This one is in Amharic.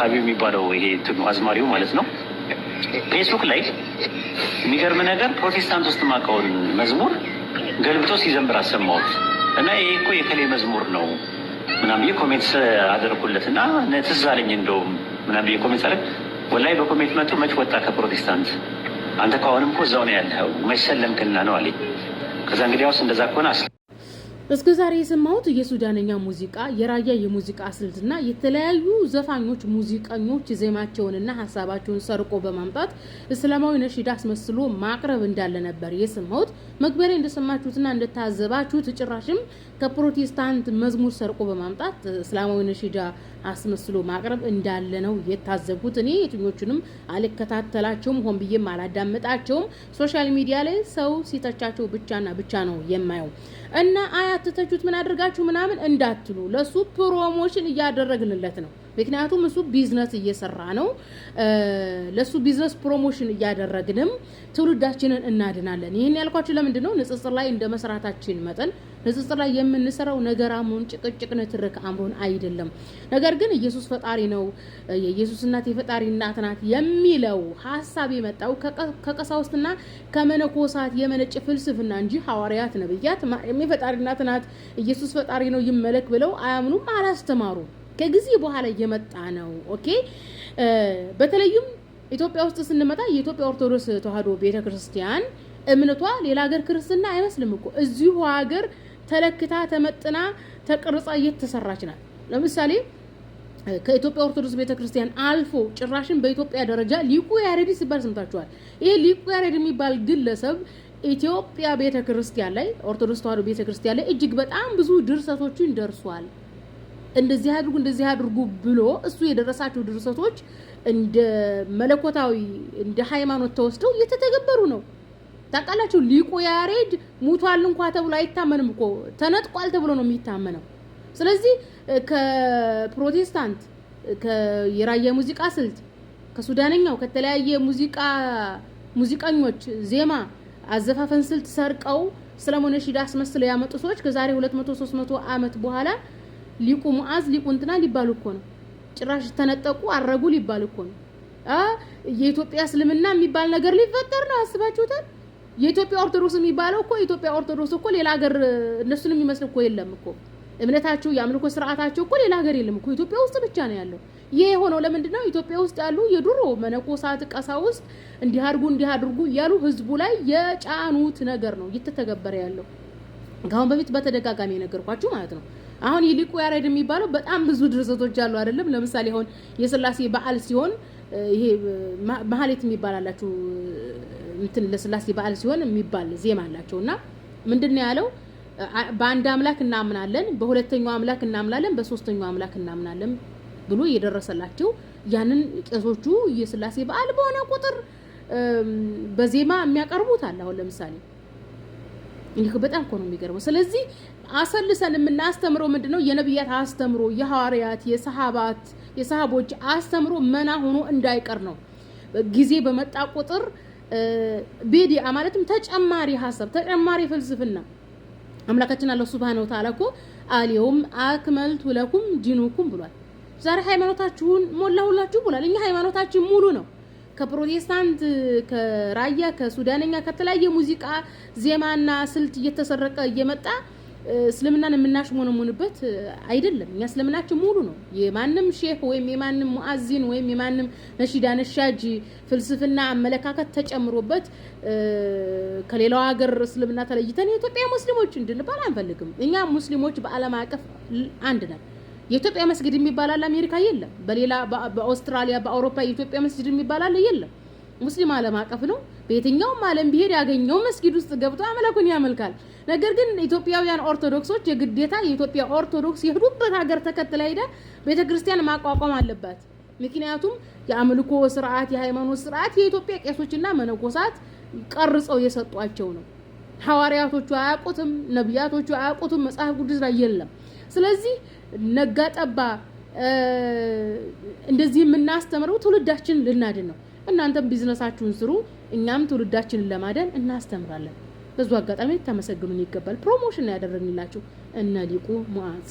ሀቢ የሚባለው ይሄ እንትኑ አዝማሪው ማለት ነው። ፌስቡክ ላይ የሚገርም ነገር ፕሮቴስታንት ውስጥ ማቀውን መዝሙር ገልብጦ ሲዘምር አሰማሁት እና ይሄ እኮ የከሌ መዝሙር ነው ምናም ብዬ ኮሜንት አደረኩለት እና ትዝ አለኝ እንደውም ምናም ብዬ ኮሜንት አለ ወላይ በኮሜንት መጡ መች ወጣ ከፕሮቴስታንት አንተ ከአሁንም አሁንም እኮ እዛው ነው ያለው መች ሰለምክና ነው አለኝ። ከዛ እንግዲህ ያውስ እንደዛ ከሆነ እስከ ዛሬ የሰማሁት የሱዳንኛ ሙዚቃ፣ የራያ የሙዚቃ ስልትና የተለያዩ ዘፋኞች ሙዚቀኞች ዜማቸውንና ሀሳባቸውን ሰርቆ በማምጣት እስላማዊ ነሽዳ አስመስሎ ማቅረብ እንዳለ ነበር የሰማሁት። መግቢያ እንደሰማችሁትና እንደታዘባችሁት ጭራሽም ከፕሮቴስታንት መዝሙር ሰርቆ በማምጣት እስላማዊ ነሽዳ አስመስሎ ማቅረብ እንዳለ ነው የታዘብኩት። እኔ የትኞቹንም አልከታተላቸውም፣ ሆን ብዬም አላዳምጣቸውም። ሶሻል ሚዲያ ላይ ሰው ሲተቻቸው ብቻና ብቻ ነው የማየው እና አያ አትተቹት ምን አድርጋችሁ ምናምን እንዳትሉ፣ ለሱ ፕሮሞሽን እያደረግንለት ነው። ምክንያቱም እሱ ቢዝነስ እየሰራ ነው። ለእሱ ቢዝነስ ፕሮሞሽን እያደረግንም ትውልዳችንን እናድናለን። ይህን ያልኳችሁ ለምንድን ነው? ንጽጽር ላይ እንደ መስራታችን መጠን ንጽጽር ላይ የምንሰራው ነገር አምሮን ጭቅጭቅ፣ ንትርክ አምሮን አይደለም። ነገር ግን ኢየሱስ ፈጣሪ ነው፣ የኢየሱስ እናት የፈጣሪ እናት ናት የሚለው ሀሳብ የመጣው ከቀሳውስትና ከመነኮሳት የመነጭ ፍልስፍና እንጂ ሐዋርያት፣ ነብያት የፈጣሪ እናት ናት ኢየሱስ ፈጣሪ ነው ይመለክ ብለው አያምኑም፣ አላስተማሩም። ከጊዜ በኋላ እየመጣ ነው። ኦኬ በተለይም ኢትዮጵያ ውስጥ ስንመጣ የኢትዮጵያ ኦርቶዶክስ ተዋሕዶ ቤተክርስቲያን እምነቷ ሌላ ሀገር ክርስትና አይመስልም እኮ እዚሁ ሀገር ተለክታ ተመጥና ተቀርጻ እየተሰራች ናት። ለምሳሌ ከኢትዮጵያ ኦርቶዶክስ ቤተክርስቲያን አልፎ ጭራሽን በኢትዮጵያ ደረጃ ሊቁ ያሬድ ሲባል ሰምታችኋል። ይሄ ሊቁ ያሬድ የሚባል ግለሰብ ኢትዮጵያ ቤተክርስቲያን ላይ ኦርቶዶክስ ተዋሕዶ ቤተክርስቲያን ላይ እጅግ በጣም ብዙ ድርሰቶችን ደርሷል። እንደዚህ አድርጉ እንደዚህ አድርጉ ብሎ እሱ የደረሳቸው ድርሰቶች እንደ መለኮታዊ እንደ ሃይማኖት ተወስደው እየተተገበሩ ነው። ታውቃላችሁ፣ ሊቁ ያሬድ ሙቷል እንኳ ተብሎ አይታመንም እኮ ተነጥቋል ተብሎ ነው የሚታመነው። ስለዚህ ከፕሮቴስታንት የራያ ሙዚቃ ስልት ከሱዳንኛው ከተለያየ ሙዚቃ ሙዚቀኞች ዜማ አዘፋፈን ስልት ሰርቀው ሰለሞን ሺድ አስመስለው ያመጡ ሰዎች ከዛሬ 200 300 ዓመት በኋላ ሊቁ ሙዓዝ ሊቁ እንትና ሊባሉ እኮ ነው። ጭራሽ ተነጠቁ አረጉ ሊባል እኮ ነው። የኢትዮጵያ እስልምና የሚባል ነገር ሊፈጠር ነው። አስባችሁታል? የኢትዮጵያ ኦርቶዶክስ የሚባለው እኮ የኢትዮጵያ ኦርቶዶክስ እኮ ሌላ ሀገር እነሱን የሚመስል እኮ የለም እኮ እምነታቸው የአምልኮ ስርዓታቸው እኮ ሌላ ሀገር የለም እኮ ኢትዮጵያ ውስጥ ብቻ ነው ያለው። ይሄ የሆነው ለምንድን ነው? ኢትዮጵያ ውስጥ ያሉ የድሮ መነኮሳት ቀሳውስት እንዲህ አድርጉ እንዲህ አድርጉ እያሉ ህዝቡ ላይ የጫኑት ነገር ነው እየተተገበረ ያለው። ከአሁን በፊት በተደጋጋሚ የነገርኳችሁ ማለት ነው። አሁን ይልቁ ያሬድ የሚባለው በጣም ብዙ ድርሰቶች አሉ አይደለም? ለምሳሌ አሁን የስላሴ በዓል ሲሆን ይሄ ማህሌት የሚባል አላችሁ እንትን ለስላሴ በዓል ሲሆን የሚባል ዜማ አላቸው እና ምንድን ነው ያለው? በአንድ አምላክ እናምናለን፣ በሁለተኛው አምላክ እናምናለን፣ በሶስተኛው አምላክ እናምናለን ብሎ የደረሰላቸው ያንን ቄሶቹ የስላሴ በዓል በሆነ ቁጥር በዜማ የሚያቀርቡት አለ። አሁን ለምሳሌ ይህ በጣም እኮ ነው የሚገርመው። ስለዚህ አሰልሰን የምናስተምረው ምንድን ነው? የነቢያት አስተምሮ የሐዋርያት የሰሃባት የሰሃቦች አስተምሮ መና ሆኖ እንዳይቀር ነው። ጊዜ በመጣ ቁጥር ቤዲያ ማለትም ተጨማሪ ሀሳብ ተጨማሪ ፍልስፍና አምላካችን አለ ሱብሃነሁ ወተዓላ እኮ አልየውም አክመልቱ ለኩም ዲኑኩም ብሏል። ዛሬ ሃይማኖታችሁን ሞላሁላችሁ ብሏል። እኛ ሃይማኖታችን ሙሉ ነው። ከፕሮቴስታንት ከራያ ከሱዳንኛ ከተለያየ ሙዚቃ ዜማና ስልት እየተሰረቀ እየመጣ እስልምናን የምናሽሞነሙንበት አይደለም። እኛ እስልምናችን ሙሉ ነው። የማንም ሼህ ወይም የማንም ሙአዚን ወይም የማንም ነሺዳ ነሻጅ ፍልስፍና፣ አመለካከት ተጨምሮበት ከሌላው ሀገር እስልምና ተለይተን የኢትዮጵያ ሙስሊሞች እንድንባል አንፈልግም። እኛ ሙስሊሞች በዓለም አቀፍ አንድ ነን። የኢትዮጵያ መስጊድ የሚባላል አሜሪካ የለም። በሌላ በአውስትራሊያ በአውሮፓ የኢትዮጵያ መስጊድ የሚባላል የለም። ሙስሊም ዓለም አቀፍ ነው። በየትኛውም ዓለም ቢሄድ ያገኘው መስጊድ ውስጥ ገብቶ አምላኩን ያመልካል። ነገር ግን ኢትዮጵያውያን ኦርቶዶክሶች የግዴታ የኢትዮጵያ ኦርቶዶክስ የሄዱበት ሀገር ተከትላ ሄዳ ቤተክርስቲያን ማቋቋም አለባት። ምክንያቱም የአምልኮ ስርዓት፣ የሃይማኖት ስርዓት የኢትዮጵያ ቄሶችና መነኮሳት ቀርጸው የሰጧቸው ነው። ሐዋርያቶቹ አያውቁትም፣ ነቢያቶቹ አያውቁትም፣ መጽሐፍ ቅዱስ ላይ የለም። ስለዚህ ነጋጠባ እንደዚህ የምናስተምረው ትውልዳችን ልናድን ነው። እናንተም ቢዝነሳችሁን ስሩ፣ እኛም ትውልዳችንን ለማደን እናስተምራለን። በዙ አጋጣሚ ተመሰግኑን ይገባል። ፕሮሞሽን ያደረግንላችሁ እነ ሊቁ ሙዓዝ